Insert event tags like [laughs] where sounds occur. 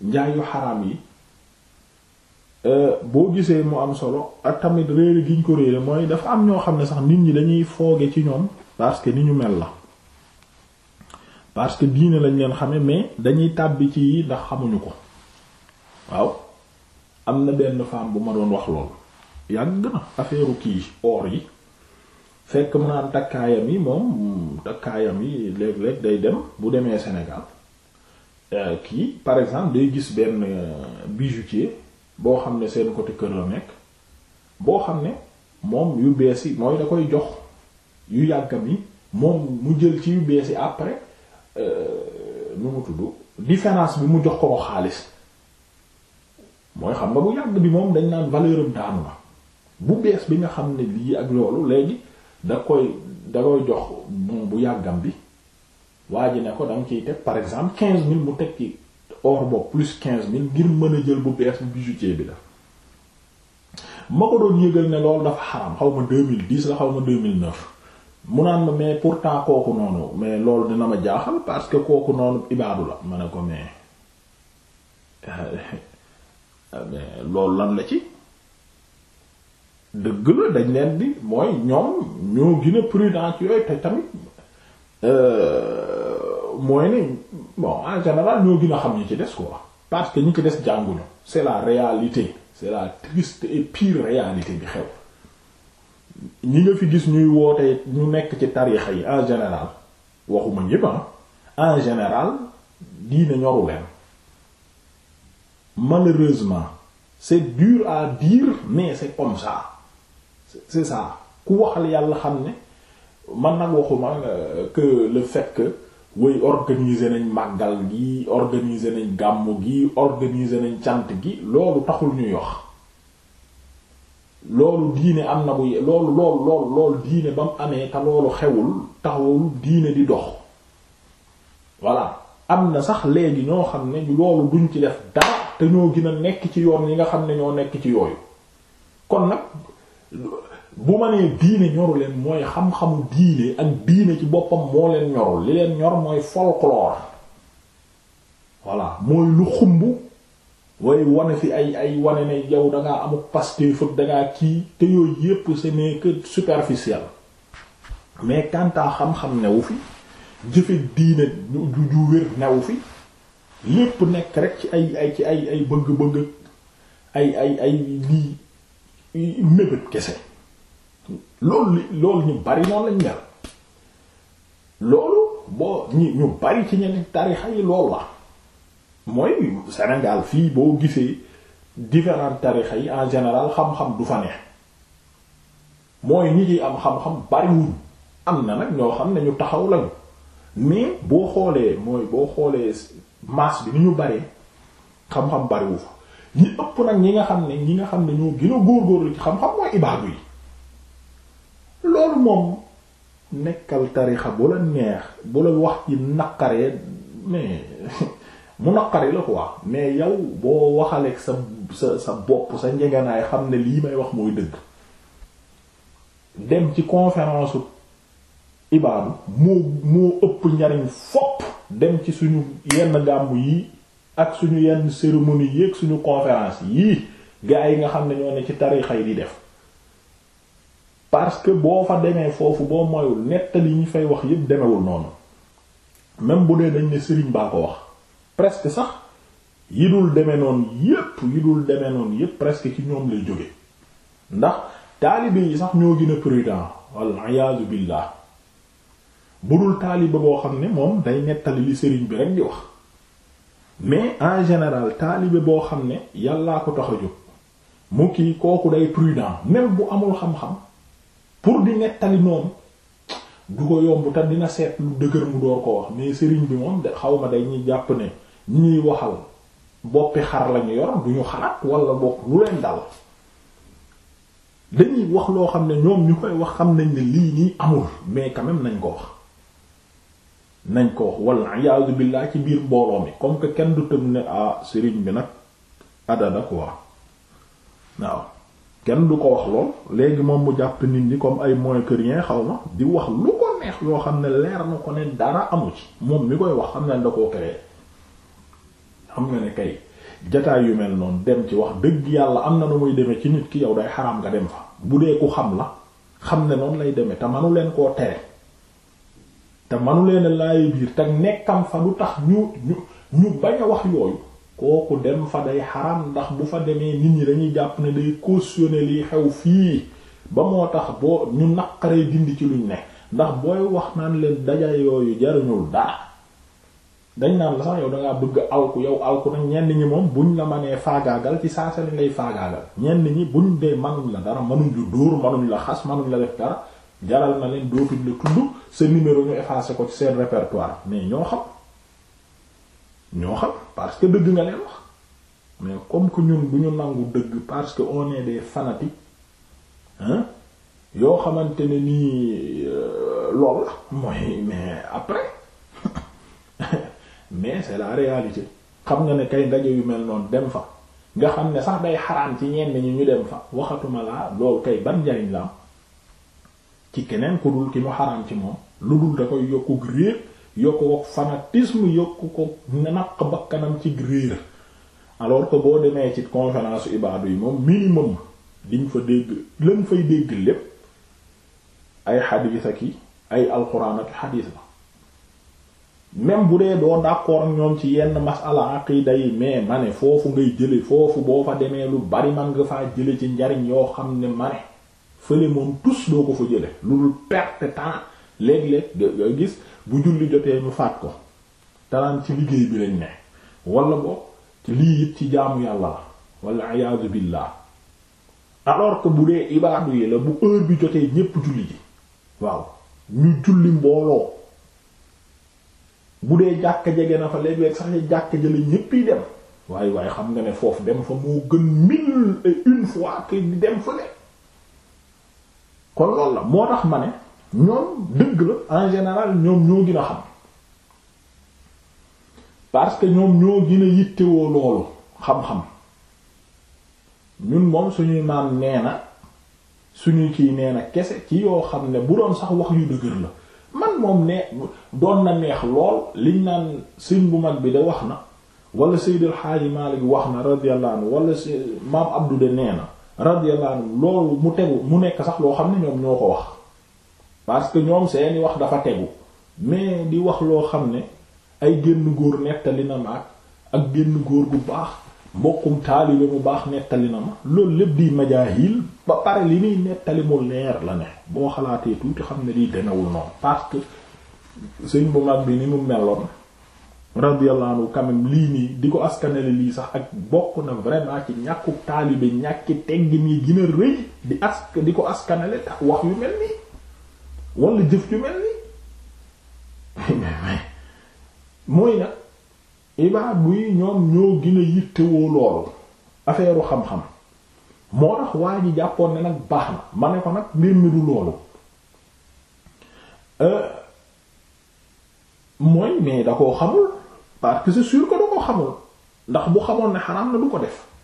njaay xaram xaraam yi euh, boo gisee mu am solo ak tamit réere gi ñu ko réere mooy dafa am ñoo xam ne sax nit ñi dañuy fooge ci ñoom parce que ni ñu mel la parce que diine lañ leen xame mais dañuy tàbbi ci yi ndax xamuñu ko waaw am na benn femme bu ma doon wax lool yàgg na affaire kii or yi fekk mu naan takkaayam yi moom takkaayam yi léeg-léeg day dem bu demee senegal Euh, kii par exemple day gis benn euh, bijoutier boo xam ne seen côté kër la nekk boo xam ne moom yu bees yi mooy da koy jox yu yàggam yi moom mu jël ci yu bees yi après euh, nu mu tudd différence bi mu jox ko ko xaalis mooy xam nga bu yàgg bi moom dañ naan valeur am daanu na bu bees bi nga xam ne lii ak loolu léegi da koy da koy jox bu yàggam bi waa ji ne ko da nga teg par exemple quinze mille mu teg ci or bopp plus quinze mille ngir mën a jël bu bees bu bijoutier bi def ma ko doon yëgal ne loolu dafa xaram xaw ma deux mille dix la xaw ma deux mille neuf mu naan ma mais pourtant kooku noonu mais loolu dina ma jaaxal parce que kooku noonu ibaadu la ma ne ko mais euh, [laughs] loolu lan la ci dëgg la dañ leen di mooy ñoom ñoo gën a prudent yooyu te tamit. Euh, mooy ne bon en général ñoo gën xam ñi ci des quoi parce que ñi ci des jànguñu c'est la réalité c'est la triste et pire réalité bi xew ñi nga fi gis ñuy woote ñu nekk ci tariixa yi en général waxuma ñépp ah. en général diine ñoru leen malheureusement c'est dur à dire mais c'est comme ça c'est ça ku waxal yàlla xam ne man nag waxuma euh, que le fait woy organiser nañ màggal gi organiser nañ gàmmu gi organiser nañ cant gi loolu taxul ñuy wax loolu diine am na bu loolu loolu loolu loolu diine ba amee te loolu xewul taxul diine di dox voilà am na sax léegi ñoo xam ne loolu duñ ci def dara te ñoo gin a nekk ci yoon yi nga xam ne ñoo nekk ci yooyu kon nag bu ma nee diine ñoru mooy xam-xamu diine ak diine ci boppam moo leen ñorul li leen ñor mooy folklore voilà mooy lu xumb way wane fi ay ay wane ne yow dangaa amuk Pastef ak dangaa kii te yooyu yépp ce n'est que mais kantaa xam-xam newu fi jëfe diine ju ju wér newu fi lépp nekk rek ci ay ay ci ay ay bëgg-bëgg ay ay ay lii mébét kese loolu loolu ñu bari noonu lañ mel loolu boo ñi ñu bari ci ñeneen tarixa yi loolu la mooy Sénégal fii boo gisee différentes tarixa yi en général xam-xam du fa ne mooy ñi ci am xam-xam bariwuñ am na nag ñoo xam ne ñu taxaw lañu mais boo xoolee mooy boo xoolee masse bi ni ñu baree xam-xam bariwu ñi ëpp nag ñi nga xam ne ñi nga xam ne ñoo gën góor góorgóorlu ci xam-xam mooy ibaadu yi loolu moom nekkal tarixa bu la neex bu la wax ci naqaree mais [laughs] mu naqari la ko wax mais yow boo waxaleeg sa sa sa bopp sa njeganaay xam ne lii may wax mooy dëgg dem ci conférence ibaadu mu mu ëpp njariñ fopp dem ci suñu yenn gàmm yi ak suñu yenn cérémonie yi ak suñu conférence yii gaa yi nga xam ne ñoo ne ci tarixa yi di def parce que boo fa demee foofu boo moyul nettali ñu fay wax yépp demewul noonu même bu dee dañ ne sëriñ baa ko wax presque sax yi dul deme noonu yépp yi dul demee noonu yépp presque ci ñoom lay jóge ndax taalibe yi sax ñoo gën a prudent wal iyaazu billah bu dul taalibe boo xam ne moom day nettali li sëriñ bi rekk di wax mais en général taalibe boo xam ne yàllaa ko tax a jóg mu kii kooku day prudent même bu amul xam-xam pour di nettali noonu du ko yomb te dina seet lu dëgër mu door ko wax mais sëriñ bi moom de xaw ma day ñuy jàpp ne ñu ñuy waxal boppi xar lañu yor du ñu xalaat wala bopp lu leen dal dañuy wax loo xam ne ñoom ñu koy wax xam nañ ne lii nii amul mais quand nañ ko wax nañ ko wax wala iyaazu billaah ci biir mbooloo mi comme que kenn du tëm ne ah sëriñ bi nag adada quoi waaw kenn du ko wax lool léegi moom mu jàpp nit ñi comme ay moins que rien xaw ma di wax lu ko neex yoo xam ne leer na ko ne dara amu ci moom mi koy wax xam nañ da koo créé xam nga ne kay jataay yu mel noonu dem ci wax dëgg yàlla am na nu muy demee ci nit yow day xaraam nga dem fa bu dee ku xam la xam ne noonu lay demee te manu leen koo tere te manu leen laay biir te nekkam fa lu tax ñu ñu ñu bañ a wax yooyu kooku dem fa day xaram ndax bu fa demee nit ñi dañuy jàpp ne day cautionner liy xew fii ba moo tax boo ñu naqaree dindi ci luñ ne ndax booy wax naan leen daja yooyu jaruñul dara dañ naan la sax yow dangaa bëgg alku yow alku nag ñenn ñi moom buñ la mënee faagaagal ci saa lañ lay faagaagal ñenn ñi buñ dee manuñ la dara manuñ la dóor manuñ la xas manuñ la def dara jaral na leen dootuñ la tudd sa numéro ñu effacé ko ci seen répertoire mais ñoo xam. ñoo xam parce que dëgg nga leen wax mais comme que ñun bu ñu nangu dëgg parce que on est des fanatiques yoo xamante ne nii euh, lool la mooy mais après [laughs] mais c'est la réalité xam nga ne kay ndaje yu mel noonu dem fa nga xam ne sax day xaraan ci ñenn ñi ñu dem fa waxatuma laa lool kay ban njariñ la ci keneen ku dul ki mu xaraan ci moom lu dul da koy yokku réer yokku ko fanatisme yokku ko naq kanam ci réer alors que boo demee ci conférence ibaadu yi moom minimum diñ fa dégg lañ fay dégg lépp ay xadiis ak i ay alxuraan ak xadiis la même bu dee doo d'accord ñoom ci yenn masala aqida yi mais ma ne foofu ngay jële foofu boo fa demee lu bari man nga faa jële ci njariñ yoo xam ne ma ne fële moom tus doo ko fa jële lu dul perte temps léeg-léeg nga gis bu julli jotee ñu faat ko tanaan ci liggéey bi lañ ne wala bo lii it ci jaamu yàlla la wala iyaadu billah alors que bu dee ibaadu yi la bu heure bi jotee ñépp julli ji waaw ñu julli mbooloo bu dee jàkka jege na fa léeg-léeg sax ni jàkka jële ñépp dem waaye waaye xam nga ne foofu dem fa moo gën mille et une fois que dem fële kon loolu la moo tax ma ne ñoom dëgg la en général ñoom ñoo gën a xam parce que ñoom ñoo gën a yittewoo loolu xam-xam ñun moom suñuy maam nee na suñuy kii nee na kese ci yoo xam ne bu doon sax wax yu dëgër la man moom ne doon na neex lool liñ naan sëñ bu mag bi de wax na wala Seydil Hadji Malick wax na radiyallahu anhu wala maam Abdou de nee na loolu mu tegu mu nekk sax loo xam ne ñoom ñoo ko wax parce que ñoom seeni wax dafa tegu mais di wax loo xam ne ay génn góor nettali na ma ak génn góor gu baax mbokkum taalibe bu baax nettali na ma loolu lépp di majaahil ba pare li muy nettali mu leer la ne boo xalaatee tuuti xam ne lii demewul noonu parce que sëñ bu mag bi ni mu meloon radiyallahu anhu quand lii nii di ko askanale lii sax ak bokk na vraiment ci ñàkku taalibe ñàkki teggi nii gën a rëy di ask di ko askanale tax wax yu mel nii wala jëf ju mel ni mooy nag ibaadu yi ñoom ñoo gën a yittewoo loolu affaire xam-xam moo tax waa jàppoon ne nag baax na ma ko nag mbir mi du loolu euh, mooy mais da koo xamul parce que c'est sûr que da koo xamul ndax bu xamoon ne xaraam na du ko def